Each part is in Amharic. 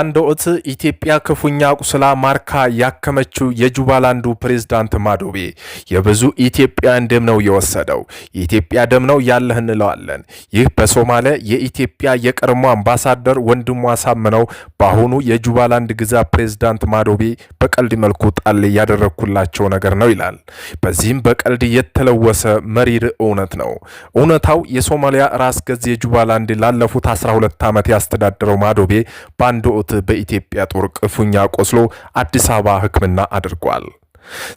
በአንድ ወቅት ኢትዮጵያ ክፉኛ ቁስላ ማርካ ያከመችው የጁባላንዱ ፕሬዝዳንት ማዶቤ የብዙ ኢትዮጵያን ደም ነው የወሰደው። የኢትዮጵያ ደም ነው ያለህ እንለዋለን። ይህ በሶማሌ የኢትዮጵያ የቀድሞ አምባሳደር ወንድሙ አሳምነው በአሁኑ የጁባላንድ ግዛት ፕሬዝዳንት ማዶቤ በቀልድ መልኩ ጣል ያደረኩላቸው ነገር ነው ይላል። በዚህም በቀልድ የተለወሰ መሪር እውነት ነው። እውነታው የሶማሊያ ራስ ገዝ የጁባላንድ ላለፉት 12 ዓመት ያስተዳደረው ማዶቤ በአንድ ወቅት በኢትዮጵያ ጦር ክፉኛ ቆስሎ አዲስ አበባ ሕክምና አድርጓል።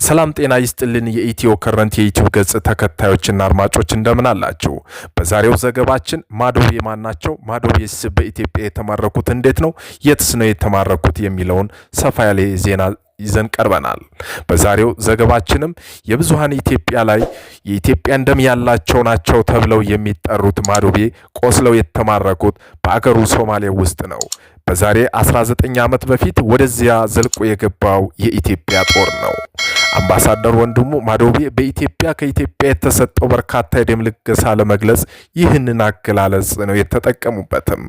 ሰላም ጤና ይስጥልን። የኢትዮ ከረንት የዩቲዩብ ገጽ ተከታዮችና አድማጮች እንደምን አላችሁ? በዛሬው ዘገባችን ማዶቤ ማን ናቸው? ማዶቤስ በኢትዮጵያ የተማረኩት እንዴት ነው? የትስ ነው የተማረኩት? የሚለውን ሰፋ ያለ ዜና ይዘን ቀርበናል። በዛሬው ዘገባችንም የብዙሃን ኢትዮጵያ ላይ የኢትዮጵያ እንደም ያላቸው ናቸው ተብለው የሚጠሩት ማዶቤ ቆስለው የተማረኩት በአገሩ ሶማሌ ውስጥ ነው። በዛሬ 19 ዓመት በፊት ወደዚያ ዘልቆ የገባው የኢትዮጵያ ጦር ነው። አምባሳደር ወንድሙ ማዶቤ በኢትዮጵያ ከኢትዮጵያ የተሰጠው በርካታ የደም ልገሳ ለመግለጽ ይህንን አገላለጽ ነው የተጠቀሙበትም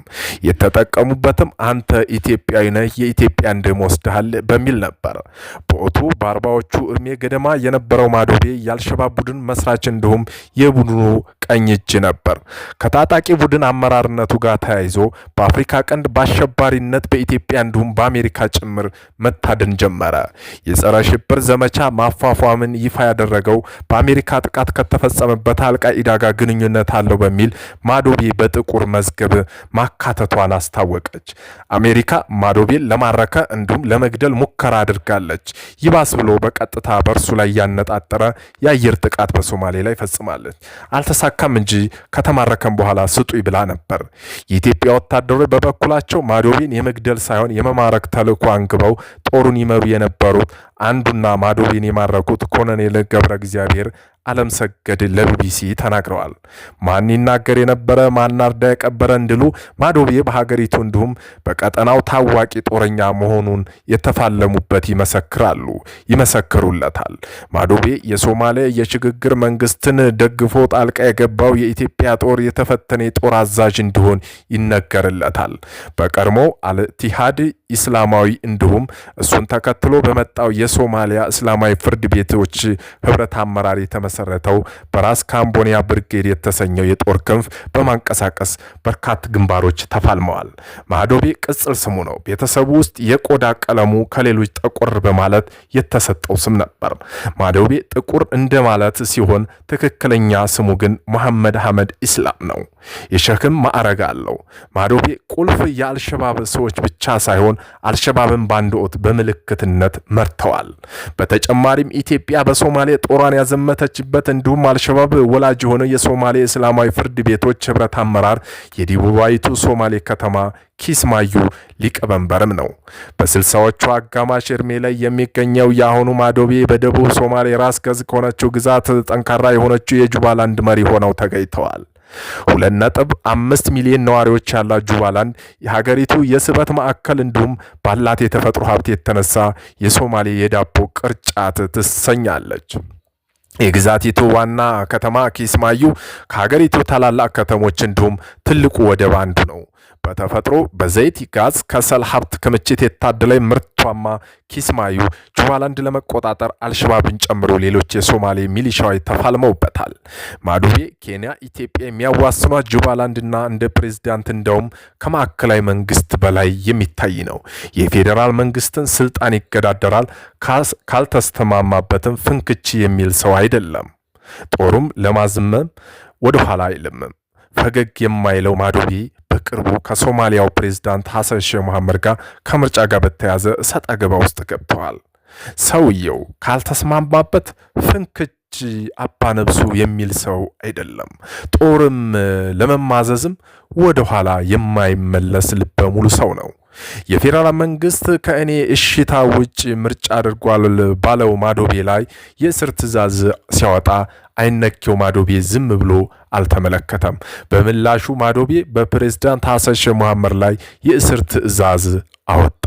የተጠቀሙበትም አንተ ኢትዮጵያዊ ነህ የኢትዮጵያን ደም ወስደሃል በሚል ነበር። በወቅቱ በአርባዎቹ እድሜ ገደማ የነበረው ማዶቤ የአልሸባብ ቡድን መስራች እንዲሁም የቡድኑ ቀኝ እጅ ነበር። ከታጣቂ ቡድን አመራርነቱ ጋር ተያይዞ በአፍሪካ ቀንድ በአሸባሪነት በኢትዮጵያ እንዲሁም በአሜሪካ ጭምር መታደን ጀመረ። የጸረ ሽብር ዘመቻ ማፏፏምን ይፋ ያደረገው በአሜሪካ ጥቃት ከተፈጸመበት አልቃኢዳ ጋር ግንኙነት አለው በሚል ማዶቤ በጥቁር መዝገብ ማካተቷን አስታወቀች። አሜሪካ ማዶቤን ለማረከ እንዲሁም ለመግደል ሙከራ አድርጋለች። ይባስ ብሎ በቀጥታ በእርሱ ላይ ያነጣጠረ የአየር ጥቃት በሶማሌ ላይ ፈጽማለች። አልተሳካም እንጂ ከተማረከም በኋላ ስጡ ብላ ነበር። የኢትዮጵያ ወታደሮች በበኩላቸው ማዶቤን የመግደል ሳይሆን የመማረክ ተልዕኮ አንግበው ጦሩን ይመሩ የነበሩት አንዱና ማዶቤን የማረኩት ኮሎኔል ገብረ እግዚአብሔር አለም ሰገድ ለቢቢሲ ተናግረዋል። ማን ይናገር የነበረ አርዳ የቀበረ እንድሉ ማዶቤ በሀገሪቱ እንዲሁም በቀጠናው ታዋቂ ጦረኛ መሆኑን የተፋለሙበት ይመሰክራሉ ይመሰክሩለታል። ማዶቤ የሶማሌ የሽግግር መንግስትን ደግፎ ጣልቃ የገባው የኢትዮጵያ ጦር የተፈተነ የጦር አዛዥ እንዲሆን ይነገርለታል። በቀድሞ አልቲሃድ ኢስላማዊ እንዲሁም እሱን ተከትሎ በመጣው የሶማሊያ እስላማዊ ፍርድ ቤቶች ህብረት አመራር የተመ የተመሰረተው በራስ ካምቦኒያ ብርጌድ የተሰኘው የጦር ክንፍ በማንቀሳቀስ በርካታ ግንባሮች ተፋልመዋል። ማዶቤ ቅጽል ስሙ ነው። ቤተሰቡ ውስጥ የቆዳ ቀለሙ ከሌሎች ጠቆር በማለት የተሰጠው ስም ነበር። ማዶቤ ጥቁር እንደማለት ሲሆን ትክክለኛ ስሙ ግን መሐመድ አህመድ ኢስላም ነው። የሸክም ማዕረግ አለው። ማዶቤ ቁልፍ የአልሸባብ ሰዎች ብቻ ሳይሆን አልሸባብን በአንድ ወቅት በምልክትነት መርተዋል። በተጨማሪም ኢትዮጵያ በሶማሌ ጦሯን ያዘመተች የተደረገችበት እንዲሁም አልሸባብ ወላጅ የሆነው የሶማሌ እስላማዊ ፍርድ ቤቶች ህብረት አመራር የደቡባዊቱ ሶማሌ ከተማ ኪስማዩ ሊቀመንበርም ነው። በስልሳዎቹ አጋማሽ እድሜ ላይ የሚገኘው የአሁኑ ማዶቤ በደቡብ ሶማሌ ራስ ገዝ ከሆነችው ግዛት ጠንካራ የሆነችው የጁባላንድ መሪ ሆነው ተገኝተዋል። ሁለት ነጥብ አምስት ሚሊዮን ነዋሪዎች ያላት ጁባላንድ የሀገሪቱ የስበት ማዕከል እንዲሁም ባላት የተፈጥሮ ሀብት የተነሳ የሶማሌ የዳቦ ቅርጫት ትሰኛለች። የግዛቲቱ ዋና ከተማ ኪስማዩ ከሀገሪቱ ታላላቅ ከተሞች እንዲሁም ትልቁ ወደብ አንዱ ነው። በተፈጥሮ በዘይት፣ ጋዝ፣ ከሰል ሀብት ክምችት የታደለ ምርት ኦባማ ኪስማዩ ጁባላንድ ለመቆጣጠር አልሸባብን ጨምሮ ሌሎች የሶማሌ ሚሊሻዎች ተፋልመውበታል። ማዱቤ ኬንያ፣ ኢትዮጵያ የሚያዋስኗት ጁባላንድና እንደ ፕሬዝዳንት እንደውም ከማዕከላዊ መንግስት በላይ የሚታይ ነው። የፌዴራል መንግስትን ስልጣን ይገዳደራል፣ ካልተስተማማበትም ፍንክች የሚል ሰው አይደለም። ጦሩም ለማዝመም ወደኋላ አይልምም። ፈገግ የማይለው ማዱቤ በቅርቡ ከሶማሊያው ፕሬዝዳንት ሐሰን ሼህ መሐመድ ጋር ከምርጫ ጋር በተያዘ እሰጥ አገባ ውስጥ ገብተዋል። ሰውየው ካልተስማማበት ፍንክች አባነብሱ የሚል ሰው አይደለም። ጦርም ለመማዘዝም ወደኋላ የማይመለስ ልበ ሙሉ ሰው ነው። የፌዴራል መንግስት ከእኔ እሽታ ውጭ ምርጫ አድርጓል ባለው ማዶቤ ላይ የእስር ትዕዛዝ ሲያወጣ አይነኬው ማዶቤ ዝም ብሎ አልተመለከተም። በምላሹ ማዶቤ በፕሬዝዳንት ሐሰን ሼህ መሐመድ ላይ የእስር ትዕዛዝ አወጣ።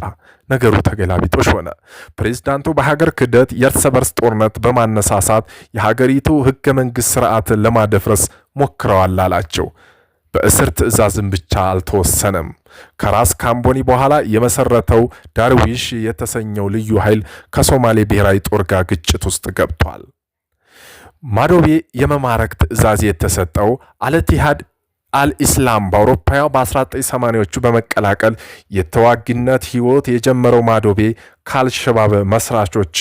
ነገሩ ተገላቢጦሽ ሆነ። ፕሬዝዳንቱ በሀገር ክህደት፣ የእርስ በርስ ጦርነት በማነሳሳት የሀገሪቱ ህገ መንግስት ስርዓት ለማደፍረስ ሞክረዋል አላቸው። በእስር ትዕዛዝም ብቻ አልተወሰነም። ከራስ ካምቦኒ በኋላ የመሰረተው ዳርዊሽ የተሰኘው ልዩ ኃይል ከሶማሌ ብሔራዊ ጦር ጋር ግጭት ውስጥ ገብቷል። ማዶቤ የመማረክ ትዕዛዝ የተሰጠው አልኢቲሃድ አልኢስላም በአውሮፓያ በ1980ዎቹ በመቀላቀል የተዋጊነት ህይወት የጀመረው ማዶቤ ከአልሸባብ መስራቾች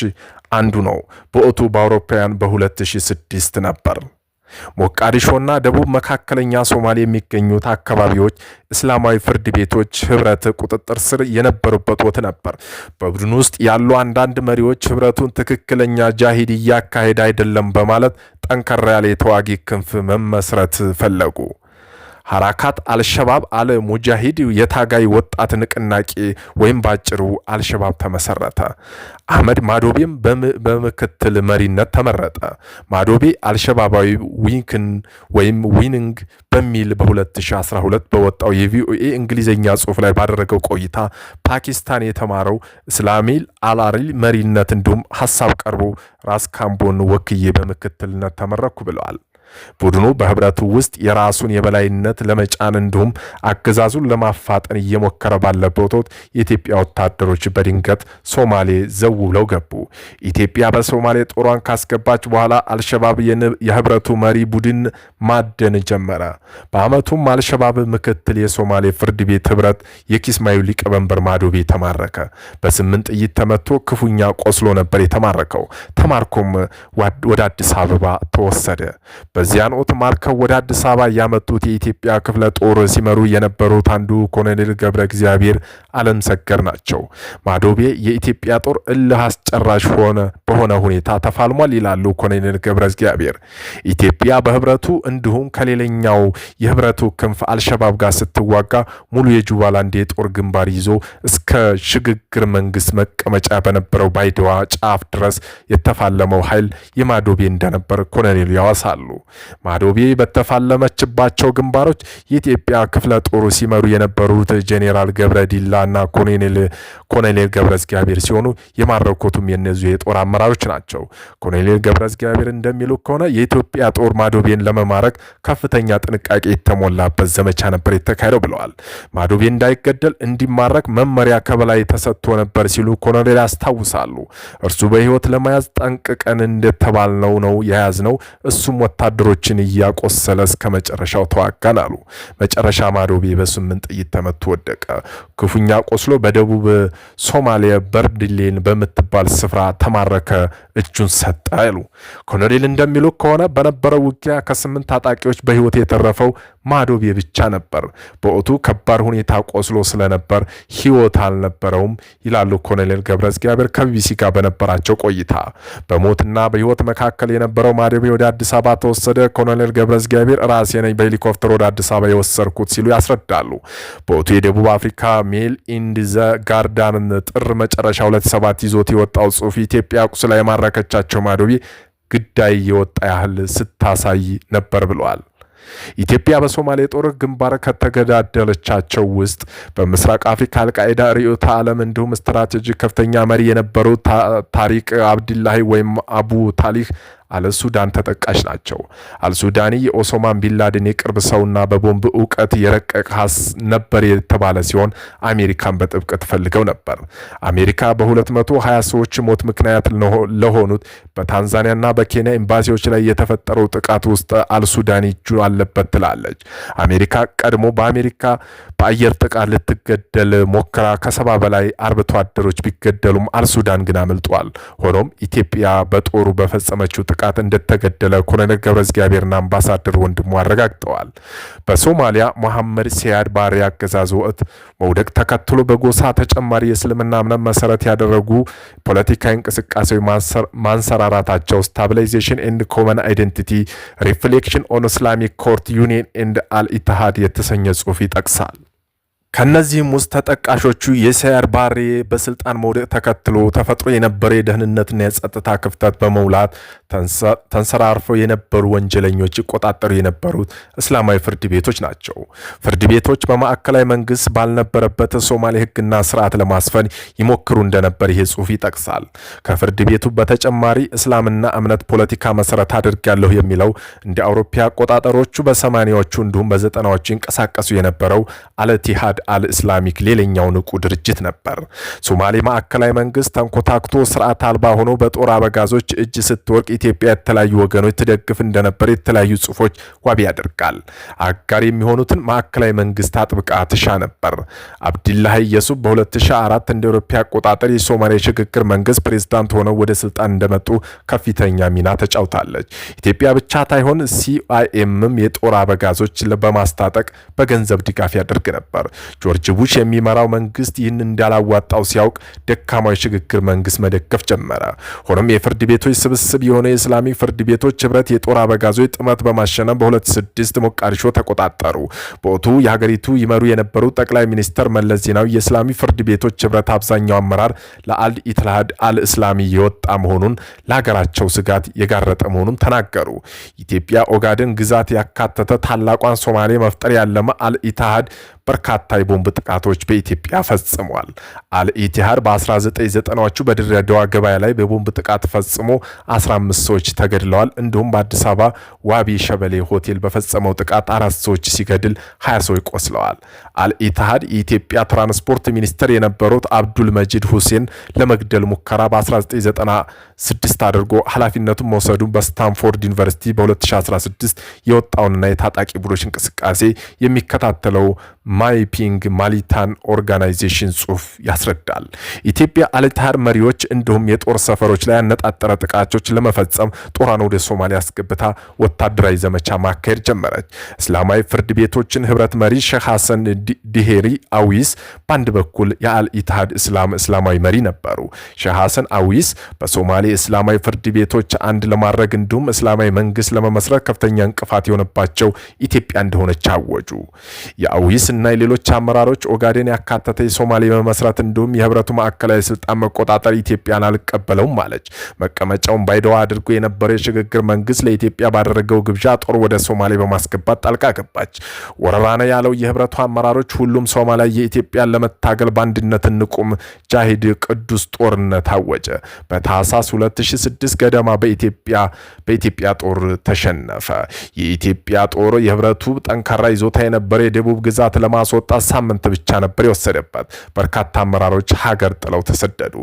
አንዱ ነው። በወቅቱ በአውሮፓውያን በ2006 ነበር። ሞቃዲሾና ደቡብ መካከለኛ ሶማሌ የሚገኙት አካባቢዎች እስላማዊ ፍርድ ቤቶች ህብረት ቁጥጥር ስር የነበሩበት ወት ነበር። በቡድን ውስጥ ያሉ አንዳንድ መሪዎች ህብረቱን ትክክለኛ ጃሂድ እያካሄደ አይደለም በማለት ጠንከራ ያለ የተዋጊ ክንፍ መመስረት ፈለጉ። ሀራካት አልሸባብ አለ ሙጃሂድ የታጋይ ወጣት ንቅናቄ ወይም ባጭሩ አልሸባብ ተመሰረተ። አህመድ ማዶቤም በምክትል መሪነት ተመረጠ። ማዶቤ አልሸባባዊ ዊንክን ወይም ዊንንግ በሚል በ2012 በወጣው የቪኦኤ እንግሊዝኛ ጽሑፍ ላይ ባደረገው ቆይታ ፓኪስታን የተማረው እስላሚል አላሪል መሪነት እንዲሁም ሀሳብ ቀርቦ ራስ ካምቦን ወክዬ በምክትልነት ተመረኩ ብለዋል። ቡድኑ በህብረቱ ውስጥ የራሱን የበላይነት ለመጫን እንዲሁም አገዛዙን ለማፋጠን እየሞከረ ባለበት ወቅት የኢትዮጵያ ወታደሮች በድንገት ሶማሌ ዘው ብለው ገቡ። ኢትዮጵያ በሶማሌ ጦሯን ካስገባች በኋላ አልሸባብ የህብረቱ መሪ ቡድን ማደን ጀመረ። በአመቱም አልሸባብ ምክትል የሶማሌ ፍርድ ቤት ህብረት የኪስማዩ ሊቀመንበር ማዶቤ ተማረከ። በስምንት ጥይት ተመቶ ክፉኛ ቆስሎ ነበር የተማረከው። ተማርኮም ወደ አዲስ አበባ ተወሰደ። በዚያን ወቅት ማርከው ወደ አዲስ አበባ ያመጡት የኢትዮጵያ ክፍለ ጦር ሲመሩ የነበሩት አንዱ ኮሎኔል ገብረ እግዚአብሔር አለም ሰገር ናቸው። ማዶቤ የኢትዮጵያ ጦር እልህ አስጨራሽ ሆነ በሆነ ሁኔታ ተፋልሟል ይላሉ ኮሎኔል ገብረ እግዚአብሔር። ኢትዮጵያ በህብረቱ እንዲሁም ከሌላኛው የህብረቱ ክንፍ አልሸባብ ጋር ስትዋጋ ሙሉ የጁባላንድ የጦር ግንባር ይዞ እስከ ሽግግር መንግስት መቀመጫ በነበረው ባይደዋ ጫፍ ድረስ የተፋለመው ኃይል የማዶቤ እንደነበር ኮሎኔል ያዋሳሉ። ማዶቤ በተፋለመችባቸው ግንባሮች የኢትዮጵያ ክፍለ ጦሩ ሲመሩ የነበሩት ጄኔራል ገብረ ዲላ እና ኮሎኔል ገብረ እግዚአብሔር ሲሆኑ የማረኮቱም የነዚሁ የጦር አመራሮች ናቸው። ኮሎኔል ገብረ እግዚአብሔር እንደሚሉ ከሆነ የኢትዮጵያ ጦር ማዶቤን ለመማረክ ከፍተኛ ጥንቃቄ የተሞላበት ዘመቻ ነበር የተካሄደው ብለዋል። ማዶቤ እንዳይገደል እንዲማረክ መመሪያ ከበላይ ተሰጥቶ ነበር ሲሉ ኮሎኔል ያስታውሳሉ። እርሱ በህይወት ለመያዝ ጠንቅቀን እንደተባልነው ነው የያዝነው እሱም ወታደ ወታደሮችን እያቆሰለ እስከ መጨረሻው ተዋጋን አሉ። መጨረሻ ማዶቤ በስምንት ጥይት ተመቶ ወደቀ። ክፉኛ ቆስሎ በደቡብ ሶማሊያ በርድሌን በምትባል ስፍራ ተማረከ፣ እጁን ሰጠ ይሉ ኮሎኔል እንደሚሉ ከሆነ በነበረው ውጊያ ከስምንት ታጣቂዎች በህይወት የተረፈው ማዶቤ ብቻ ነበር። በወቅቱ ከባድ ሁኔታ ቆስሎ ስለነበር ህይወት አልነበረውም ይላሉ ኮሎኔል ገብረ እግዚአብሔር ከቢቢሲ ጋር በነበራቸው ቆይታ። በሞትና በህይወት መካከል የነበረው ማዶቤ ወደ አዲስ አበባ ተወሰደ። ኮሎኔል ገብረ እግዚአብሔር ራሴ ነኝ በሄሊኮፕተር ወደ አዲስ አበባ የወሰድኩት ሲሉ ያስረዳሉ። በወቅቱ የደቡብ አፍሪካ ሜል ኢንድ ዘ ጥር መጨረሻ 27 ይዞት የወጣው ጽሁፍ ኢትዮጵያ ቁስላ የማረከቻቸው ማዶቤ ግዳይ የወጣ ያህል ስታሳይ ነበር ብለዋል። ኢትዮጵያ በሶማሌ ጦር ግንባር ከተገዳደለቻቸው ውስጥ በምስራቅ አፍሪካ አልቃይዳ ርዕዮተ ዓለም እንዲሁም ስትራቴጂ ከፍተኛ መሪ የነበሩ ታሪክ አብድላሂ ወይም አቡ ታሊህ አልሱዳን ተጠቃሽ ናቸው። አልሱዳኒ የኦሶማን ቢንላደን የቅርብ ሰውና በቦምብ እውቀት የረቀቀ ነበር የተባለ ሲሆን አሜሪካን በጥብቅ ትፈልገው ነበር። አሜሪካ በ220 ሰዎች ሞት ምክንያት ለሆኑት በታንዛኒያና በኬንያ ኤምባሲዎች ላይ የተፈጠረው ጥቃት ውስጥ አልሱዳን እጁ አለበት ትላለች። አሜሪካ ቀድሞ በአሜሪካ በአየር ጥቃት ልትገደል ሞክራ ከሰባ በላይ አርብቶ አደሮች ቢገደሉም አልሱዳን ግን አመልጧል። ሆኖም ኢትዮጵያ በጦሩ በፈጸመችው ጥቃት እንደተገደለ ኮሎኔል ገብረ እግዚአብሔርና አምባሳደር ወንድሙ አረጋግጠዋል። በሶማሊያ መሐመድ ሲያድ ባሬ አገዛዝ ወቅት መውደቅ ተከትሎ በጎሳ ተጨማሪ የእስልምና እምነት መሰረት ያደረጉ ፖለቲካዊ እንቅስቃሴዎች ማንሰራራታቸው ስታቢላይዜሽን ኤንድ ኮመን አይደንቲቲ ሪፍሌክሽን ኦን እስላሚክ ኮርት ዩኒየን ኤንድ አልኢትሃድ የተሰኘ ጽሑፍ ይጠቅሳል። ከእነዚህም ውስጥ ተጠቃሾቹ የሲያድ ባሬ በስልጣን መውደቅ ተከትሎ ተፈጥሮ የነበረ የደህንነትና የጸጥታ ክፍተት በመውላት ተንሰራርፈው የነበሩ ወንጀለኞች ይቆጣጠሩ የነበሩት እስላማዊ ፍርድ ቤቶች ናቸው። ፍርድ ቤቶች በማዕከላዊ መንግስት ባልነበረበት ሶማሌ ህግና ስርዓት ለማስፈን ይሞክሩ እንደነበር ይሄ ጽሁፍ ይጠቅሳል። ከፍርድ ቤቱ በተጨማሪ እስላምና እምነት ፖለቲካ መሰረት አድርጋለሁ የሚለው እንደ አውሮፓ አቆጣጠሮቹ በሰማኒያዎቹ እንዲሁም በዘጠናዎቹ ይንቀሳቀሱ የነበረው አልኢቲሃድ አልእስላሚክ ሌላኛው ንቁ ድርጅት ነበር። ሶማሌ ማዕከላዊ መንግስት ተንኮታክቶ ስርዓት አልባ ሆኖ በጦር አበጋዞች እጅ ስትወድቅ ኢትዮጵያ የተለያዩ ወገኖች ትደግፍ እንደነበር የተለያዩ ጽሁፎች ዋቢ ያደርጋል። አጋር የሚሆኑትን ማዕከላዊ መንግስት አጥብቃ ትሻ ነበር። አብዲላሂ የሱፍ በ2004 እንደ አውሮፓ አቆጣጠር የሶማሊያ ሽግግር መንግስት ፕሬዝዳንት ሆነው ወደ ስልጣን እንደመጡ ከፍተኛ ሚና ተጫውታለች። ኢትዮጵያ ብቻ ታይሆን ሲአይኤምም የጦር አበጋዞች በማስታጠቅ በገንዘብ ድጋፍ ያደርግ ነበር። ጆርጅ ቡሽ የሚመራው መንግስት ይህን እንዳላዋጣው ሲያውቅ ደካማዊ ሽግግር መንግስት መደገፍ ጀመረ። ሆኖም የፍርድ ቤቶች ስብስብ የሆነ የሆነ የእስላሚ ፍርድ ቤቶች ህብረት የጦር አበጋዞች ጥመት በማሸነፍ በ26 ሞቃዲሾ ተቆጣጠሩ። በወቅቱ የሀገሪቱ ይመሩ የነበሩ ጠቅላይ ሚኒስተር መለስ ዜናዊ የእስላሚ ፍርድ ቤቶች ህብረት አብዛኛው አመራር ለአል ኢትልሃድ አል እስላሚ የወጣ መሆኑን ለሀገራቸው ስጋት የጋረጠ መሆኑን ተናገሩ። ኢትዮጵያ ኦጋድን ግዛት ያካተተ ታላቋን ሶማሌ መፍጠር ያለመ አል ኢትሃድ በርካታ የቦምብ ጥቃቶች በኢትዮጵያ ፈጽሟል። አልኢቲሃድ በ1990ዎቹ በድሬዳዋ ገበያ ላይ በቦምብ ጥቃት ፈጽሞ 15 ሰዎች ተገድለዋል። እንዲሁም በአዲስ አበባ ዋቢ ሸበሌ ሆቴል በፈጸመው ጥቃት አራት ሰዎች ሲገድል 20 ሰዎች ይቆስለዋል። አልኢቲሃድ የኢትዮጵያ ትራንስፖርት ሚኒስትር የነበሩት አብዱል መጂድ ሁሴን ለመግደል ሙከራ በ1996 አድርጎ ኃላፊነቱን መውሰዱን በስታንፎርድ ዩኒቨርሲቲ በ2016 የወጣውንና የታጣቂ ቡድኖች እንቅስቃሴ የሚከታተለው ማይፒንግ ማሊታን ኦርጋናይዜሽን ጽሁፍ ያስረዳል። ኢትዮጵያ አልታህር መሪዎች እንዲሁም የጦር ሰፈሮች ላይ ያነጣጠረ ጥቃቶች ለመፈጸም ጦሯን ወደ ሶማሊያ አስገብታ ወታደራዊ ዘመቻ ማካሄድ ጀመረች። እስላማዊ ፍርድ ቤቶችን ህብረት መሪ ሼህ ሐሰን ዲሄሪ አዊስ በአንድ በኩል የአልኢትሃድ እስላም እስላማዊ መሪ ነበሩ። ሼህ ሐሰን አዊስ በሶማሌ እስላማዊ ፍርድ ቤቶች አንድ ለማድረግ እንዲሁም እስላማዊ መንግስት ለመመስረት ከፍተኛ እንቅፋት የሆነባቸው ኢትዮጵያ እንደሆነች አወጁ። የአዊስ እና የሌሎች አመራሮች ኦጋዴን ያካተተ የሶማሌ መመስረት እንዲሁም የህብረቱ ማዕከላዊ ስልጣን መቆጣጠር ኢትዮጵያን አልቀበለውም አለች። መቀመጫውን ባይደዋ አድርጎ የነበረው የሽግግር መንግስት ለኢትዮጵያ ባደረገው ግብዣ ጦር ወደ ሶማሌ በማስገባት ጣልቃ ገባች። ወረራነ ያለው የህብረቱ አመራሮች ሁሉም ሶማሌ የኢትዮጵያን ለመታገል በአንድነት እንቁም ጃሂድ ቅዱስ ጦርነት አወጀ። በታህሳስ 2006 ገደማ በኢትዮጵያ ጦር ተሸነፈ። የኢትዮጵያ ጦር የህብረቱ ጠንካራ ይዞታ የነበረ የደቡብ ግዛት ለማ ለማስወጣት ሳምንት ብቻ ነበር የወሰደባት። በርካታ አመራሮች ሀገር ጥለው ተሰደዱ።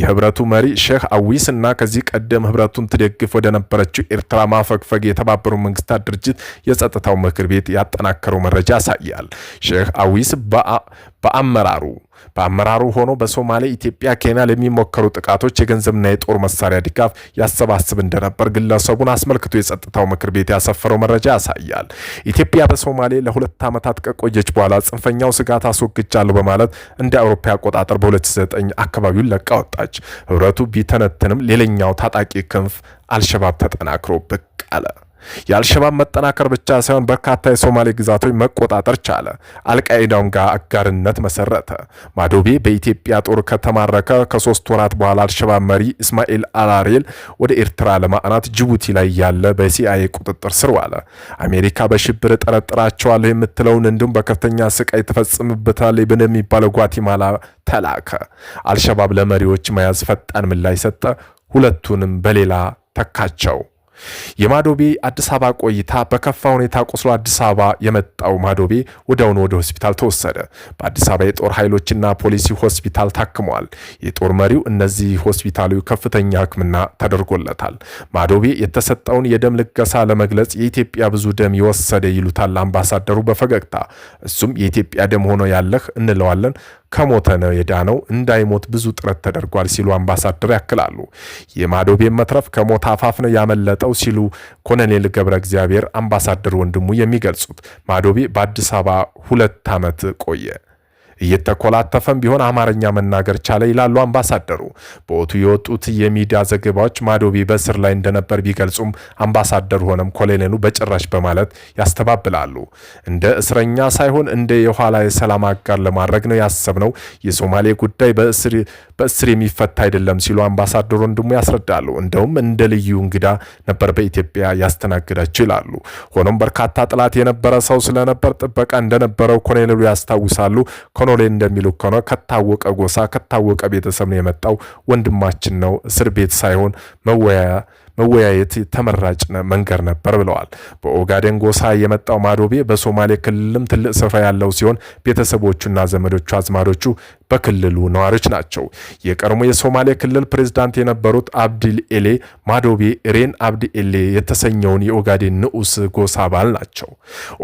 የህብረቱ መሪ ሼህ አዊስ እና ከዚህ ቀደም ህብረቱን ትደግፍ ወደነበረችው ኤርትራ ማፈግፈግ የተባበሩ መንግስታት ድርጅት የጸጥታው ምክር ቤት ያጠናከረው መረጃ ያሳያል። ሼህ አዊስ በአመራሩ በአመራሩ ሆኖ በሶማሌ፣ ኢትዮጵያ፣ ኬንያ ለሚሞከሩ ጥቃቶች የገንዘብና የጦር መሳሪያ ድጋፍ ያሰባስብ እንደነበር ግለሰቡን አስመልክቶ የጸጥታው ምክር ቤት ያሰፈረው መረጃ ያሳያል። ኢትዮጵያ በሶማሌ ለሁለት ዓመታት ከቆየች በኋላ ጽንፈኛው ስጋት አስወግጃለሁ በማለት እንደ አውሮፓ አቆጣጠር በ2009 አካባቢውን ለቃ ወጣች። ህብረቱ ቢተነትንም ሌላኛው ታጣቂ ክንፍ አልሸባብ ተጠናክሮ ብቅ አለ። የአልሸባብ መጠናከር ብቻ ሳይሆን በርካታ የሶማሌ ግዛቶች መቆጣጠር ቻለ። አልቃይዳውን ጋር አጋርነት መሰረተ። ማዶቤ በኢትዮጵያ ጦር ከተማረከ ከሶስት ወራት በኋላ አልሸባብ መሪ እስማኤል አላሬል ወደ ኤርትራ ለማዕናት ጅቡቲ ላይ ያለ በሲአይኤ ቁጥጥር ስር ዋለ። አሜሪካ በሽብር እጠረጥራቸዋለሁ የምትለውን እንዲሁም በከፍተኛ ስቃይ ተፈጽምበታል ብን የሚባለው ጓቲማላ ተላከ። አልሸባብ ለመሪዎች መያዝ ፈጣን ምላሽ ሰጠ። ሁለቱንም በሌላ ተካቸው። የማዶቤ አዲስ አበባ ቆይታ በከፋ ሁኔታ ቆስሎ አዲስ አበባ የመጣው ማዶቤ ወዲያውኑ ወደ ሆስፒታል ተወሰደ። በአዲስ አበባ የጦር ኃይሎችና ፖሊሲ ሆስፒታል ታክመዋል። የጦር መሪው እነዚህ ሆስፒታሉ ከፍተኛ ሕክምና ተደርጎለታል። ማዶቤ የተሰጠውን የደም ልገሳ ለመግለጽ የኢትዮጵያ ብዙ ደም የወሰደ ይሉታል አምባሳደሩ በፈገግታ እሱም የኢትዮጵያ ደም ሆኖ ያለህ እንለዋለን ከሞተ ነው የዳነው፣ እንዳይሞት ብዙ ጥረት ተደርጓል ሲሉ አምባሳደር ያክላሉ። የማዶቤን መትረፍ ከሞት አፋፍ ነው ያመለጠው ሲሉ ኮሎኔል ገብረ እግዚአብሔር አምባሳደር ወንድሙ የሚገልጹት ማዶቤ በአዲስ አበባ ሁለት ዓመት ቆየ። እየተኮላተፈም ቢሆን አማርኛ መናገር ቻለ ይላሉ አምባሳደሩ። በወቅቱ የወጡት የሚዲያ ዘገባዎች ማዶቢ በእስር ላይ እንደነበር ቢገልጹም አምባሳደር ሆነም ኮሎኔሉ በጭራሽ በማለት ያስተባብላሉ። እንደ እስረኛ ሳይሆን እንደ የኋላ የሰላም አጋር ለማድረግ ነው ያሰብነው። የሶማሌ ጉዳይ በእስር የሚፈታ አይደለም ሲሉ አምባሳደሩ ወንድሙ ያስረዳሉ። እንደውም እንደ ልዩ እንግዳ ነበር በኢትዮጵያ ያስተናግዳቸው ይላሉ። ሆኖም በርካታ ጥላት የነበረ ሰው ስለነበር ጥበቃ እንደነበረው ኮሎኔሉ ያስታውሳሉ። ኮሎኔል እንደሚሉ ከሆነ ከታወቀ ጎሳ ከታወቀ ቤተሰብ ነው የመጣው ወንድማችን ነው። እስር ቤት ሳይሆን መወያያ መወያየት ተመራጭ መንገድ ነበር ብለዋል። በኦጋዴን ጎሳ የመጣው ማዶቤ በሶማሌ ክልልም ትልቅ ስፍራ ያለው ሲሆን ቤተሰቦቹና ዘመዶቹ አዝማዶቹ በክልሉ ነዋሪዎች ናቸው። የቀድሞ የሶማሌ ክልል ፕሬዝዳንት የነበሩት አብዲል ኤሌ ማዶቤ ሬን አብዲ ኤሌ የተሰኘውን የኦጋዴን ንዑስ ጎሳ አባል ናቸው።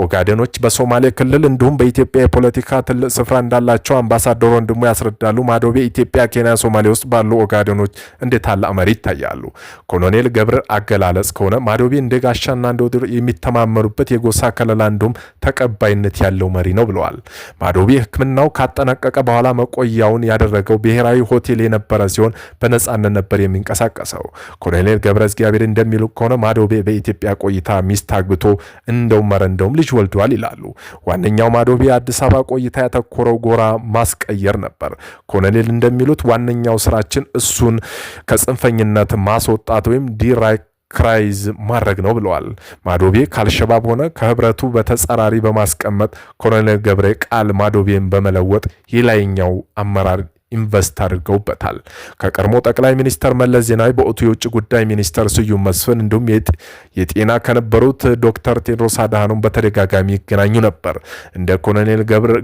ኦጋዴኖች በሶማሌ ክልል እንዲሁም በኢትዮጵያ የፖለቲካ ትልቅ ስፍራ እንዳላቸው አምባሳደር ወንድሙ ያስረዳሉ። ማዶቤ ኢትዮጵያ፣ ኬንያ፣ ሶማሌ ውስጥ ባሉ ኦጋዴኖች እንደ ታላቅ መሪ ይታያሉ። ኮሎኔል ገብረ አገላለጽ ከሆነ ማዶቤ እንደ ጋሻና እንደ ወድር የሚተማመኑበት የጎሳ ከለላ እንዲሁም ተቀባይነት ያለው መሪ ነው ብለዋል። ማዶቤ ሕክምናው ካጠናቀቀ በኋላ መቆ ቆያውን ያደረገው ብሔራዊ ሆቴል የነበረ ሲሆን በነጻነት ነበር የሚንቀሳቀሰው። ኮሎኔል ገብረ እግዚአብሔር እንደሚሉ ከሆነ ማዶቤ በኢትዮጵያ ቆይታ ሚስት አግብቶ እንደው መረ እንደውም ልጅ ወልዷል ይላሉ። ዋነኛው ማዶቤ አዲስ አበባ ቆይታ ያተኮረው ጎራ ማስቀየር ነበር። ኮሎኔል እንደሚሉት ዋነኛው ስራችን እሱን ከጽንፈኝነት ማስወጣት ወይም ዲራይ ክራይዝ ማድረግ ነው ብለዋል። ማዶቤ ከአልሸባብ ሆነ ከህብረቱ በተጸራሪ በማስቀመጥ ኮሎኔል ገብሬ ቃል ማዶቤን በመለወጥ የላይኛው አመራር ኢንቨስት አድርገውበታል። ከቀድሞ ጠቅላይ ሚኒስተር መለስ ዜናዊ በወቅቱ የውጭ ጉዳይ ሚኒስተር ስዩም መስፍን እንዲሁም የጤና ከነበሩት ዶክተር ቴድሮስ አድሃኖም በተደጋጋሚ ይገናኙ ነበር። እንደ ኮሎኔል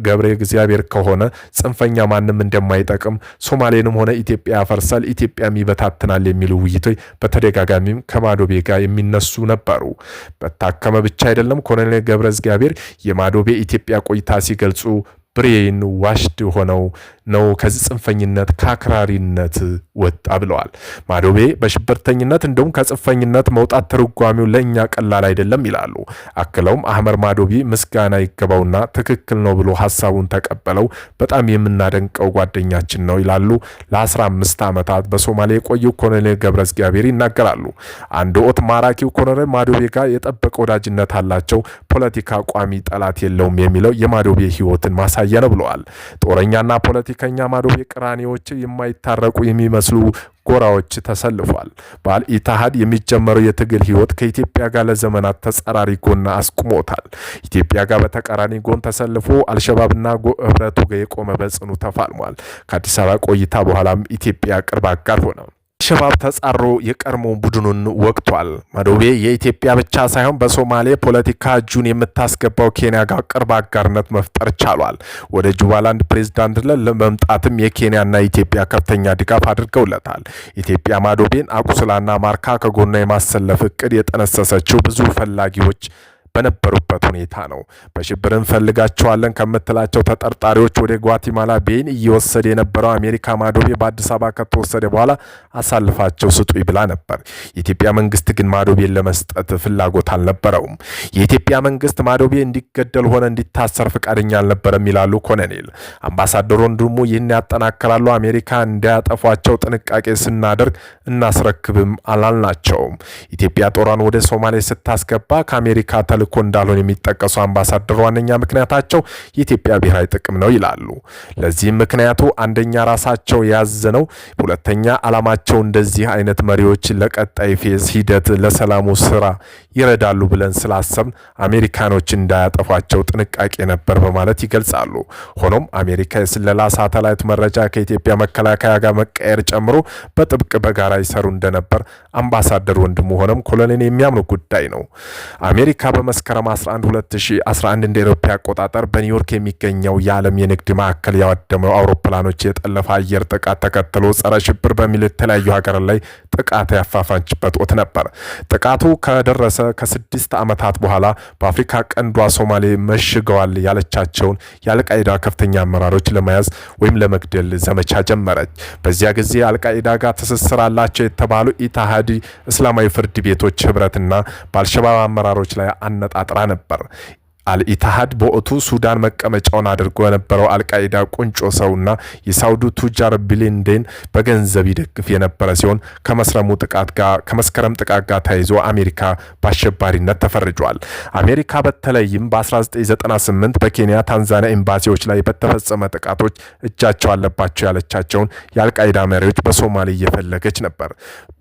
ገብረ እግዚአብሔር ከሆነ ጽንፈኛ ማንም እንደማይጠቅም፣ ሶማሌንም ሆነ ኢትዮጵያ ያፈርሳል፣ ኢትዮጵያም ይበታትናል የሚሉ ውይይቶች በተደጋጋሚም ከማዶቤ ጋር የሚነሱ ነበሩ። በታከመ ብቻ አይደለም ኮሎኔል ገብረ እግዚአብሔር የማዶቤ ኢትዮጵያ ቆይታ ሲገልጹ ብሬን ዋሽድ ሆነው ነው ከዚህ ጽንፈኝነት ከአክራሪነት ወጣ ብለዋል። ማዶቤ በሽብርተኝነት እንዲሁም ከጽንፈኝነት መውጣት ትርጓሚው ለእኛ ቀላል አይደለም ይላሉ። አክለውም አህመር ማዶቢ ምስጋና ይገባውና ትክክል ነው ብሎ ሀሳቡን ተቀበለው በጣም የምናደንቀው ጓደኛችን ነው ይላሉ። ለ15 ዓመታት በሶማሌ የቆየው ኮሎኔል ገብረ እግዚአብሔር ይናገራሉ። አንድ ወት ማራኪው ኮሎኔል ማዶቤ ጋር የጠበቀ ወዳጅነት አላቸው። ፖለቲካ ቋሚ ጠላት የለውም የሚለው የማዶቤ ህይወትን ማሳያ ነው ብለዋል። ጦረኛና ፖለቲ ከኛ ማዶ የቅራኔዎች የማይታረቁ የሚመስሉ ጎራዎች ተሰልፏል። በአልኢታሃድ የሚጀመረው የትግል ህይወት ከኢትዮጵያ ጋር ለዘመናት ተጸራሪ ጎና አስቁሞታል። ኢትዮጵያ ጋር በተቃራኒ ጎን ተሰልፎ አልሸባብና ህብረቱ ጋር የቆመ በጽኑ ተፋልሟል። ከአዲስ አበባ ቆይታ በኋላም ኢትዮጵያ ቅርብ አጋር ሆነው አልሸባብ ተጻሮ የቀድሞ ቡድኑን ወቅቷል። መዶቤ የኢትዮጵያ ብቻ ሳይሆን በሶማሌ ፖለቲካ እጁን የምታስገባው ኬንያ ጋር ቅርብ አጋርነት መፍጠር ቻሏል። ወደ ጁባላንድ ፕሬዝዳንት ለመምጣትም የኬንያና ኢትዮጵያ ከፍተኛ ድጋፍ አድርገውለታል። ኢትዮጵያ ማዶቤን አቁስላና ማርካ ከጎኗ የማሰለፍ እቅድ የጠነሰሰችው ብዙ ፈላጊዎች በነበሩበት ሁኔታ ነው። በሽብር እንፈልጋቸዋለን ከምትላቸው ተጠርጣሪዎች ወደ ጓቲማላ ቤን እየወሰደ የነበረው አሜሪካ ማዶቤ በአዲስ አበባ ከተወሰደ በኋላ አሳልፋቸው ስጡኝ ብላ ነበር። የኢትዮጵያ መንግስት ግን ማዶቤን ለመስጠት ፍላጎት አልነበረውም። የኢትዮጵያ መንግስት ማዶቤ እንዲገደል ሆነ እንዲታሰር ፈቃደኛ አልነበረም ይላሉ ኮሎኔል። አምባሳደሩን ደግሞ ይህን ያጠናክራሉ። አሜሪካ እንዳያጠፏቸው ጥንቃቄ ስናደርግ እናስረክብም አላልናቸውም። ኢትዮጵያ ጦሯን ወደ ሶማሌ ስታስገባ ከአሜሪካ ተልእኮ እንዳልሆን የሚጠቀሱ አምባሳደሩ ዋነኛ ምክንያታቸው የኢትዮጵያ ብሔራዊ ጥቅም ነው ይላሉ። ለዚህም ምክንያቱ አንደኛ ራሳቸው የያዘ ነው፣ ሁለተኛ አላማቸው እንደዚህ አይነት መሪዎች ለቀጣይ ፌዝ ሂደት ለሰላሙ ስራ ይረዳሉ ብለን ስላሰብ አሜሪካኖች እንዳያጠፏቸው ጥንቃቄ ነበር በማለት ይገልጻሉ። ሆኖም አሜሪካ የስለላ ሳተላይት መረጃ ከኢትዮጵያ መከላከያ ጋር መቀየር ጨምሮ በጥብቅ በጋራ ይሰሩ እንደነበር አምባሳደር ወንድሙ ሆነም ኮሎኔል የሚያምኑ ጉዳይ ነው። አሜሪካ በመስከረም 11 2011 እንደ ኢትዮጵያ አቆጣጠር በኒውዮርክ የሚገኘው የዓለም የንግድ ማዕከል ያወደመው አውሮፕላኖች የጠለፈ አየር ጥቃት ተከትሎ ጸረ ሽብር በሚል የተለያዩ ሀገራት ላይ ጥቃት ያፋፋንችበት ወት ነበር። ጥቃቱ ከደረሰ ከስድስት ዓመታት በኋላ በአፍሪካ ቀንዷ ሶማሌ መሽገዋል ያለቻቸውን የአልቃይዳ ከፍተኛ አመራሮች ለመያዝ ወይም ለመግደል ዘመቻ ጀመረች። በዚያ ጊዜ አልቃይዳ ጋር ትስስር አላቸው የተባሉ ኢታሃዲ እስላማዊ ፍርድ ቤቶች ህብረትና በአልሸባብ አመራሮች ላይ አነጣጥራ ነበር። አልኢትሃድ በወቅቱ ሱዳን መቀመጫውን አድርጎ የነበረው አልቃይዳ ቁንጮ ሰውና የሳውዲ ቱጃር ቢሊንዴን በገንዘብ ይደግፍ የነበረ ሲሆን ከመስረሙ ጥቃት ጋር ከመስከረም ጥቃት ጋር ተያይዞ አሜሪካ በአሸባሪነት ተፈርጇል። አሜሪካ በተለይም በ1998 በኬንያ ታንዛኒያ ኤምባሲዎች ላይ በተፈጸመ ጥቃቶች እጃቸው አለባቸው ያለቻቸውን የአልቃይዳ መሪዎች በሶማሌ እየፈለገች ነበር።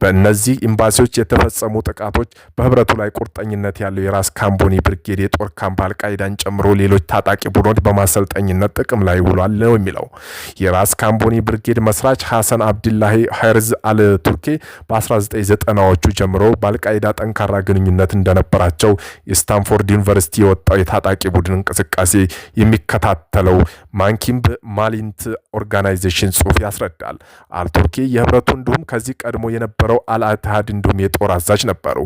በእነዚህ ኤምባሲዎች የተፈጸሙ ጥቃቶች በህብረቱ ላይ ቁርጠኝነት ያለው የራስ ካምቦኒ ብርጌድ የጦር ካምፓ አልቃይዳን ጨምሮ ሌሎች ታጣቂ ቡድኖች በማሰልጠኝነት ጥቅም ላይ ውሏል ነው የሚለው። የራስ ካምቦኒ ብርጌድ መስራች ሐሰን አብድላሂ ሀርዝ አል ቱርኬ በ1990ዎቹ ጀምሮ በአልቃይዳ ጠንካራ ግንኙነት እንደነበራቸው የስታንፎርድ ዩኒቨርሲቲ የወጣው የታጣቂ ቡድን እንቅስቃሴ የሚከታተለው ማንኪምብ ማሊንት ኦርጋናይዜሽን ጽሑፍ ያስረዳል። አልቱርኬ የህብረቱ እንዲሁም ከዚህ ቀድሞ የነበረው አልአትሃድ እንዲሁም የጦር አዛዥ ነበሩ።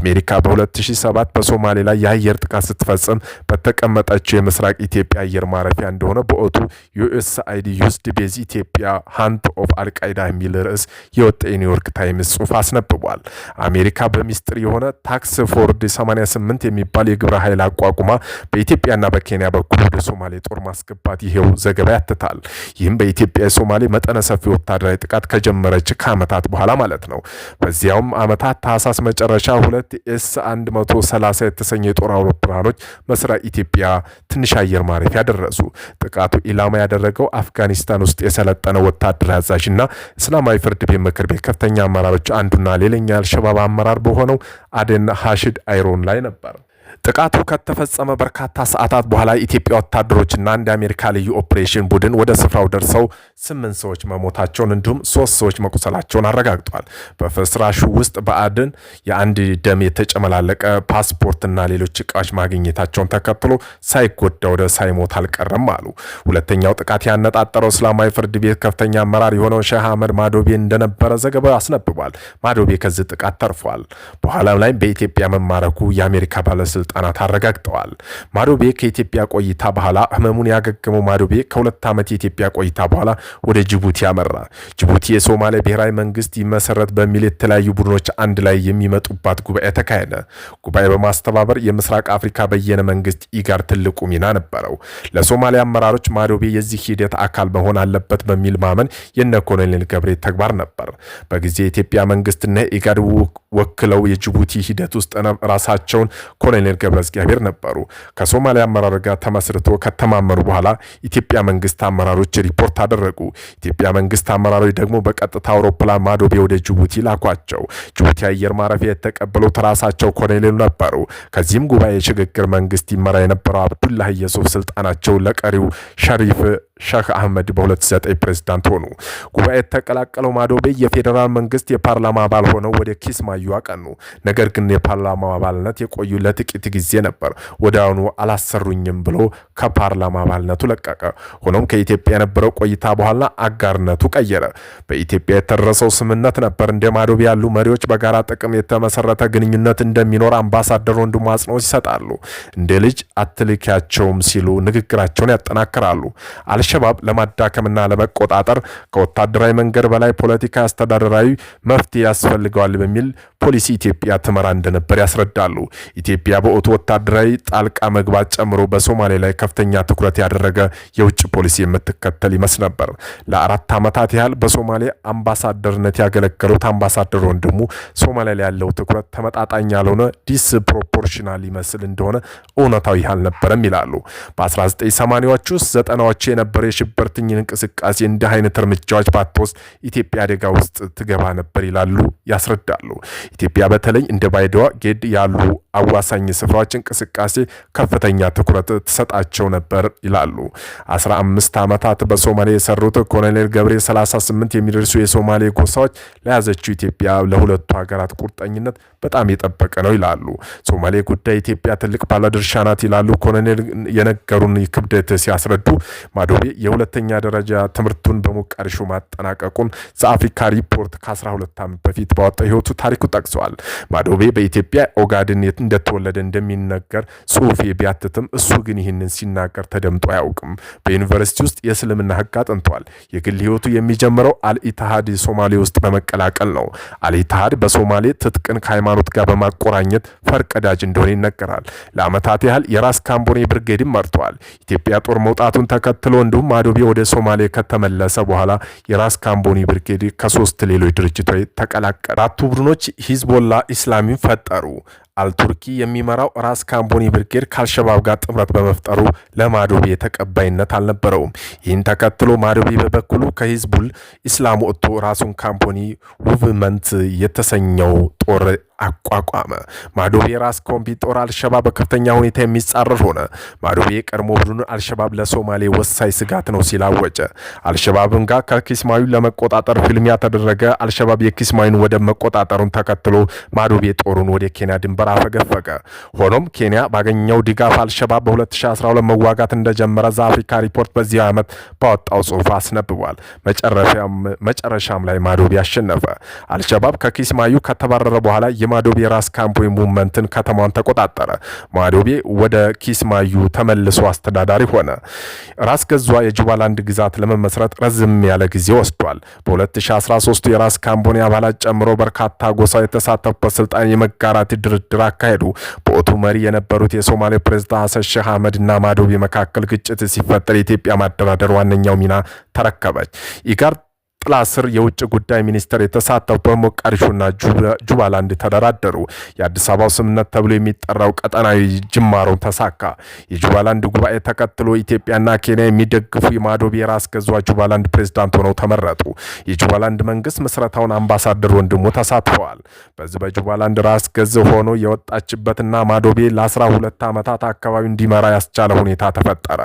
አሜሪካ በ2007 በሶማሌ ላይ የአየር ጥቃት ስትፈጽም በተቀመጠችው የምስራቅ ኢትዮጵያ አየር ማረፊያ እንደሆነ በወቅቱ ዩኤስ ዩስድ ቤዝ ኢትዮጵያ ሀንት ኦፍ አልቃይዳ የሚል ርዕስ የወጣ የኒውዮርክ ታይምስ ጽሑፍ አስነብቧል። አሜሪካ በሚስጥር የሆነ ታክስ ፎርድ 88 የሚባል የግብረ ኃይል አቋቁማ በኢትዮጵያና በኬንያ በኩል ወደ ሶማሌ ጦር ማስገባት ይሄው ዘገባ ያትታል። ይህም በኢትዮጵያ የሶማሌ መጠነ ሰፊ ወታደራዊ ጥቃት ከጀመረች ከዓመታት በኋላ ማለት ነው። በዚያውም ዓመታት ታህሳስ መጨረሻ ሁለት ኤስ 130 የተሰኘ የጦር አውሮፕላኖች በምስራቅ ኢትዮጵያ ትንሽ አየር ማረፊያ ደረሱ። ጥቃቱ ኢላማ ያደረገው አፍጋኒስታን ውስጥ የሰለጠነ ወታደር አዛዥና እስላማዊ ፍርድ ቤት ምክር ቤት ከፍተኛ አመራሮች አንዱና ሌላኛ አልሸባብ አመራር በሆነው አደን ሀሽድ አይሮን ላይ ነበር። ጥቃቱ ከተፈጸመ በርካታ ሰዓታት በኋላ ኢትዮጵያ ወታደሮችና አንድ የአሜሪካ ልዩ ኦፕሬሽን ቡድን ወደ ስፍራው ደርሰው ስምንት ሰዎች መሞታቸውን እንዲሁም ሶስት ሰዎች መቁሰላቸውን አረጋግጧል። በፍርስራሹ ውስጥ በአድን የአንድ ደም የተጨመላለቀ ፓስፖርትና ሌሎች እቃዎች ማግኘታቸውን ተከትሎ ሳይጎዳ ወደ ሳይሞት አልቀረም አሉ። ሁለተኛው ጥቃት ያነጣጠረው እስላማዊ ፍርድ ቤት ከፍተኛ አመራር የሆነው ሸህ አህመድ ማዶቤ እንደነበረ ዘገባው አስነብቧል። ማዶቤ ከዚህ ጥቃት ተርፏል። በኋላም ላይ በኢትዮጵያ መማረኩ የአሜሪካ ባለስልጣ ባለስልጣናት አረጋግጠዋል። ማዶቤ ከኢትዮጵያ ቆይታ በኋላ ህመሙን ያገገመው ማዶቤ ከሁለት ዓመት የኢትዮጵያ ቆይታ በኋላ ወደ ጅቡቲ አመራ። ጅቡቲ የሶማሌ ብሔራዊ መንግስት ይመሰረት በሚል የተለያዩ ቡድኖች አንድ ላይ የሚመጡባት ጉባኤ ተካሄደ። ጉባኤ በማስተባበር የምስራቅ አፍሪካ በየነ መንግስት ኢጋድ ትልቁ ሚና ነበረው። ለሶማሌ አመራሮች ማዶቤ የዚህ ሂደት አካል መሆን አለበት በሚል ማመን የነ ኮሎኔል ገብሬ ተግባር ነበር። በጊዜ የኢትዮጵያ መንግስትና ኢጋድ ወክለው የጅቡቲ ሂደት ውስጥ ራሳቸውን ኮሎኔል ገብረ እግዚአብሔር ነበሩ። ከሶማሊያ አመራር ጋር ተመስርቶ ከተማመሩ በኋላ ኢትዮጵያ መንግስት አመራሮች ሪፖርት አደረጉ። ኢትዮጵያ መንግስት አመራሮች ደግሞ በቀጥታ አውሮፕላን ማዶቤ ወደ ጅቡቲ ላኳቸው። ጅቡቲ አየር ማረፊያ የተቀበሉት ራሳቸው ኮሎኔሉ ነበሩ። ከዚህም ጉባኤ የሽግግር መንግስት ይመራ የነበረው አብዱላህ የሱፍ ስልጣናቸው ለቀሪው ሸሪፍ ሼህ አህመድ በ29 ፕሬዚዳንት ሆኑ። ጉባኤ የተቀላቀለው ማዶቤ የፌዴራል መንግስት የፓርላማ አባል ሆነው ወደ ኪስማ ራዩ አቀኑ። ነገር ግን የፓርላማ አባልነት የቆዩ ለጥቂት ጊዜ ነበር። ወዲያውኑ አላሰሩኝም ብሎ ከፓርላማ አባልነቱ ለቀቀ። ሆኖም ከኢትዮጵያ የነበረው ቆይታ በኋላ አጋርነቱ ቀየረ። በኢትዮጵያ የተደረሰው ስምነት ነበር። እንደ ማዶብ ያሉ መሪዎች በጋራ ጥቅም የተመሰረተ ግንኙነት እንደሚኖር አምባሳደር ወንድሙ አጽንኦት ይሰጣሉ። እንደ ልጅ አትልኪያቸውም ሲሉ ንግግራቸውን ያጠናክራሉ። አልሸባብ ለማዳከምና ለመቆጣጠር ከወታደራዊ መንገድ በላይ ፖለቲካ፣ አስተዳደራዊ መፍትሄ ያስፈልገዋል በሚል ፖሊሲ ኢትዮጵያ ትመራ እንደነበር ያስረዳሉ። ኢትዮጵያ በኦቶ ወታደራዊ ጣልቃ መግባት ጨምሮ በሶማሌ ላይ ከፍተኛ ትኩረት ያደረገ የውጭ ፖሊሲ የምትከተል ይመስል ነበር። ለአራት ዓመታት ያህል በሶማሌ አምባሳደርነት ያገለገሉት አምባሳደር ወንድሙ ሶማሌ ላይ ያለው ትኩረት ተመጣጣኝ ያልሆነ ፕሮፖርሽናል ይመስል እንደሆነ እውነታው ይህ አልነበረም ይላሉ። በ1980ዎቹ ውስጥ ዘጠናዎቹ የነበረ የሽብርተኝነት እንቅስቃሴ እንዲህ አይነት እርምጃዎች ባትወስድ ኢትዮጵያ አደጋ ውስጥ ትገባ ነበር ይላሉ ያስረዳሉ። ኢትዮጵያ በተለይ እንደ ባይደዋ ጌድ ያሉ አዋሳኝ ስፍራዎች እንቅስቃሴ ከፍተኛ ትኩረት ትሰጣቸው ነበር ይላሉ። 15 ዓመታት በሶማሌ የሰሩት ኮሎኔል ገብሬ 38 የሚደርሱ የሶማሌ ጎሳዎች ለያዘችው ኢትዮጵያ ለሁለቱ ሀገራት ቁርጠኝነት በጣም የጠበቀ ነው ይላሉ። ሶማሌ ጉዳይ ኢትዮጵያ ትልቅ ባለድርሻ ናት ይላሉ ኮሎኔል የነገሩን ክብደት ሲያስረዱ ማዶቤ የሁለተኛ ደረጃ ትምህርቱን በሞቃዲሾ ማጠናቀቁን ዘአፍሪካ ሪፖርት ከ12 ዓመት በፊት ባወጣው ህይወቱ ታሪኩ ጠቅሰዋል። ማዶቤ በኢትዮጵያ ኦጋድን እንደተወለደ እንደሚነገር ጽሁፌ ቢያትትም እሱ ግን ይህንን ሲናገር ተደምጦ አያውቅም። በዩኒቨርሲቲ ውስጥ የእስልምና ህግ አጥንተዋል። የግል ህይወቱ የሚጀምረው አልኢትሃድ ሶማሌ ውስጥ በመቀላቀል ነው። አልኢትሃድ በሶማሌ ትጥቅን ከሃይማኖት ጋር በማቆራኘት ፈርቀዳጅ እንደሆነ ይነገራል። ለአመታት ያህል የራስ ካምቦኔ ብርጌድም መርተዋል። ኢትዮጵያ ጦር መውጣቱን ተከትሎ እንዲሁም ማዶቤ ወደ ሶማሌ ከተመለሰ በኋላ የራስ ካምቦኒ ብርጌድ ከሶስት ሌሎች ድርጅቶች ተቀላቀለ። አራቱ ቡድኖች ሂዝቦላ ኢስላሚን ፈጠሩ። አልቱርኪ የሚመራው ራስ ካምቦኒ ብርጌድ ከአልሸባብ ጋር ጥምረት በመፍጠሩ ለማዶቤ ተቀባይነት አልነበረውም። ይህን ተከትሎ ማዶቤ በበኩሉ ከሂዝቡል ኢስላም ወጥቶ ራሱን ካምፖኒ ውቭመንት የተሰኘው ጦር አቋቋመ። ማዶቤ ራስ ኮምቢ ጦር አልሸባብ በከፍተኛ ሁኔታ የሚጻረር ሆነ። ማዶቤ የቀድሞ ቡድኑ አልሸባብ ለሶማሌ ወሳኝ ስጋት ነው ሲል አወጀ። አልሸባብን ጋር ከኪስማዩን ለመቆጣጠር ፍልሚያ ተደረገ። አልሸባብ የኪስማዩን ወደብ መቆጣጠሩን ተከትሎ ማዶቤ ጦሩን ወደ ኬንያ ድንበር ኋላ ሆኖም ኬንያ ባገኘው ድጋፍ አልሸባብ በ2012 መዋጋት እንደጀመረ ዘአፍሪካ ሪፖርት በዚህ ዓመት ባወጣው ጽሑፍ አስነብቧል። መጨረሻም ላይ ማዶቢ አሸነፈ። አልሸባብ ከኪስማዩ ከተባረረ በኋላ የማዶቤ ራስ ካምፖ ሙመንትን ከተማዋን ተቆጣጠረ። ማዶቤ ወደ ኪስማዩ ተመልሶ አስተዳዳሪ ሆነ። ራስ ገዟ የጁባላንድ ግዛት ለመመስረት ረዝም ያለ ጊዜ ወስዷል። በ2013 የራስ ካምቦን አባላት ጨምሮ በርካታ ጎሳ የተሳተፉበት ስልጣን የመጋራት ድርድር ድርድር አካሄዱ። በወቅቱ መሪ የነበሩት የሶማሌ ፕሬዝዳንት ሀሰን ሼህ አህመድና ማዶቤ መካከል ግጭት ሲፈጠር የኢትዮጵያ ማደራደር ዋነኛው ሚና ተረከበች። ኢጋድ ጥላ ስር የውጭ ጉዳይ ሚኒስትር የተሳተፉ በሞቃዲሾና ጁባላንድ ተደራደሩ። የአዲስ አበባው ስምምነት ተብሎ የሚጠራው ቀጠናዊ ጅማሮ ተሳካ። የጁባላንድ ጉባኤ ተከትሎ ኢትዮጵያና ኬንያ የሚደግፉ የማዶ ብሔር አስገዟ ጁባላንድ ፕሬዝዳንት ሆነው ተመረጡ። የጁባላንድ መንግስት ምስረታውን አምባሳደር ወንድሙ ተሳትፈዋል። በዚህ በጁባላንድ ራስ ገዝ ሆኖ የወጣችበትና ማዶቤ ለአስራ ሁለት ዓመታት አካባቢ እንዲመራ ያስቻለ ሁኔታ ተፈጠረ።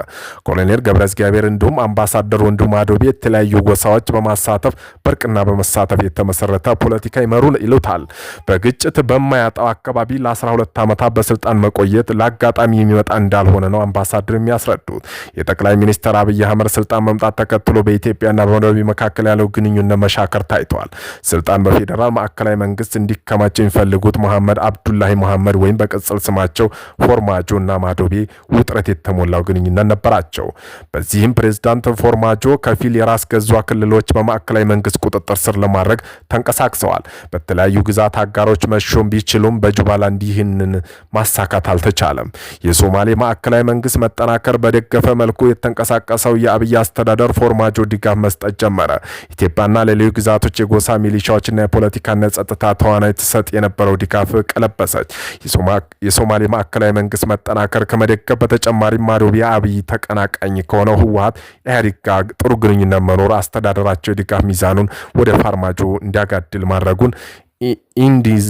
ኮሎኔል ገብረ እግዚአብሔር እንዲሁም አምባሳደር ወንድሙ ማዶቤ የተለያዩ ጎሳዎች በማ በመሳተፍ በእርቅና በመሳተፍ የተመሰረተ ፖለቲካ ይመሩን ይሉታል። በግጭት በማያጣው አካባቢ ለ12 ዓመታት በስልጣን መቆየት ለአጋጣሚ የሚመጣ እንዳልሆነ ነው አምባሳደር የሚያስረዱት። የጠቅላይ ሚኒስትር አብይ አህመድ ስልጣን መምጣት ተከትሎ በኢትዮጵያና በናይሮቢ መካከል ያለው ግንኙነት መሻከር ታይቷል። ስልጣን በፌዴራል ማዕከላዊ መንግስት እንዲከማቸው የሚፈልጉት መሐመድ አብዱላሂ መሐመድ ወይም በቅጽል ስማቸው ፎርማጆ እና ማዶቤ ውጥረት የተሞላው ግንኙነት ነበራቸው። በዚህም ፕሬዚዳንት ፎርማጆ ከፊል የራስ ገዟ ክልሎች በማ በማዕከላዊ መንግስት ቁጥጥር ስር ለማድረግ ተንቀሳቅሰዋል። በተለያዩ ግዛት አጋሮች መሾም ቢችሉም በጁባላንድ ይህንን ማሳካት አልተቻለም። የሶማሌ ማዕከላዊ መንግስት መጠናከር በደገፈ መልኩ የተንቀሳቀሰው የአብይ አስተዳደር ፎርማጆ ድጋፍ መስጠት ጀመረ። ኢትዮጵያና ሌሎች ግዛቶች የጎሳ ሚሊሻዎችና የፖለቲካና ጸጥታ ተዋናይ ትሰጥ የነበረው ድጋፍ ቀለበሰች። የሶማሌ ማዕከላዊ መንግስት መጠናከር ከመደገፍ በተጨማሪ ማዶቢያ አብይ ተቀናቃኝ ከሆነው ህወሀት ኢህአዴግ ጋር ጥሩ ግንኙነት መኖር አስተዳደራቸው ድጋፍ ሚዛኑን ወደ ፋርማጆ እንዲያጋድል ማድረጉን ኢንዲዘ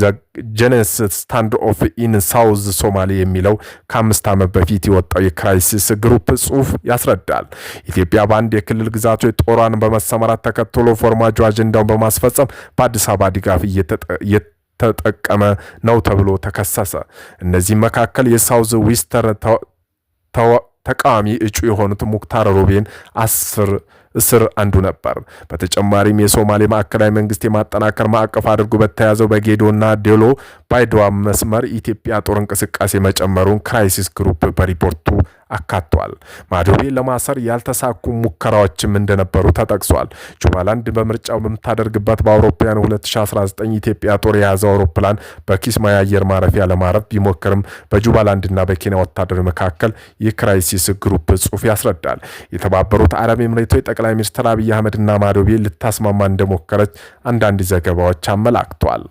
ጀነስ ስታንድ ኦፍ ኢን ሳውዝ ሶማሌ የሚለው ከአምስት ዓመት በፊት የወጣው የክራይሲስ ግሩፕ ጽሑፍ ያስረዳል። ኢትዮጵያ በአንድ የክልል ግዛቶች ጦሯን በመሰማራት ተከትሎ ፎርማጆ አጀንዳውን በማስፈጸም በአዲስ አበባ ድጋፍ እየተጠቀመ ነው ተብሎ ተከሰሰ። እነዚህም መካከል የሳውዝ ዊስተር ተቃዋሚ እጩ የሆኑት ሙክታር ሩቤን አስር እስር አንዱ ነበር። በተጨማሪም የሶማሌ ማዕከላዊ መንግስት የማጠናከር ማዕቀፍ አድርጎ በተያዘው በጌዶና ዴሎ ባይዶዋ መስመር ኢትዮጵያ ጦር እንቅስቃሴ መጨመሩን ክራይሲስ ግሩፕ በሪፖርቱ አካቷል። ማዶቤ ለማሰር ያልተሳኩ ሙከራዎችም እንደነበሩ ተጠቅሷል። ጁባላንድ በምርጫው በምታደርግበት በአውሮፓውያን 2019 ኢትዮጵያ ጦር የያዘው አውሮፕላን በኪስማዮ አየር ማረፊያ ለማረፍ ቢሞክርም በጁባላንድና በኬንያ ወታደሮች መካከል የክራይሲስ ግሩፕ ጽሑፍ ያስረዳል። የተባበሩት አረብ ኤምሬቶች ጠቅላይ ሚኒስትር አብይ አህመድና ማዶቤ ልታስማማ እንደሞከረች አንዳንድ ዘገባዎች አመላክቷል።